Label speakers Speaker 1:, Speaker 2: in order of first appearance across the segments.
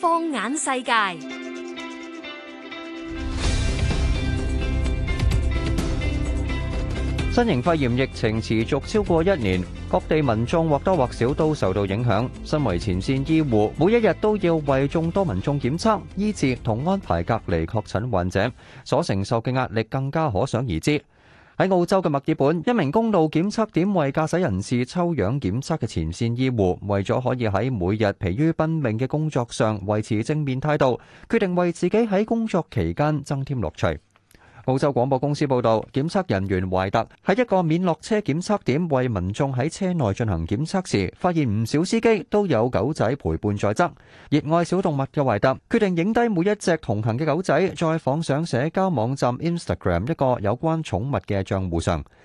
Speaker 1: 放眼世界，新型肺炎疫情持續超過一年，各地民眾或多或少都受到影響。身為前線醫護，每一日都要為眾多民眾檢測、醫治同安排隔離確診患者，所承受嘅壓力更加可想而知。喺澳洲嘅墨爾本，一名公路檢測點為駕駛人士抽樣檢測嘅前線醫護，為咗可以喺每日疲於奔命嘅工作上維持正面態度，決定為自己喺工作期間增添樂趣。澳洲廣播公司報道，檢測人員懷特喺一個免落車檢測點為民眾喺車內進行檢測時，發現唔少司機都有狗仔陪伴在側。熱愛小動物嘅懷特決定影低每一隻同行嘅狗仔，再放上社交網站 Instagram 一個有關寵物嘅賬戶上。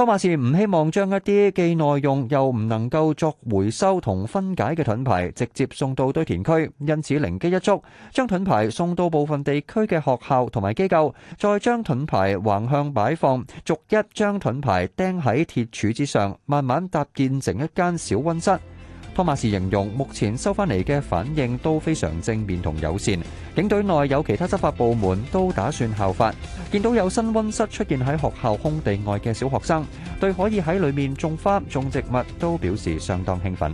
Speaker 1: 托馬士唔希望將一啲既耐用又唔能夠作回收同分解嘅盾牌直接送到堆填區，因此靈機一觸，將盾牌送到部分地區嘅學校同埋機構，再將盾牌橫向擺放，逐一將盾牌釘喺鐵柱之上，慢慢搭建成一間小温室。托馬斯形容，目前收翻嚟嘅反應都非常正面同友善，警隊內有其他執法部門都打算效法。見到有新温室出現喺學校空地外嘅小學生，對可以喺裏面種花種植物都表示相當興奮。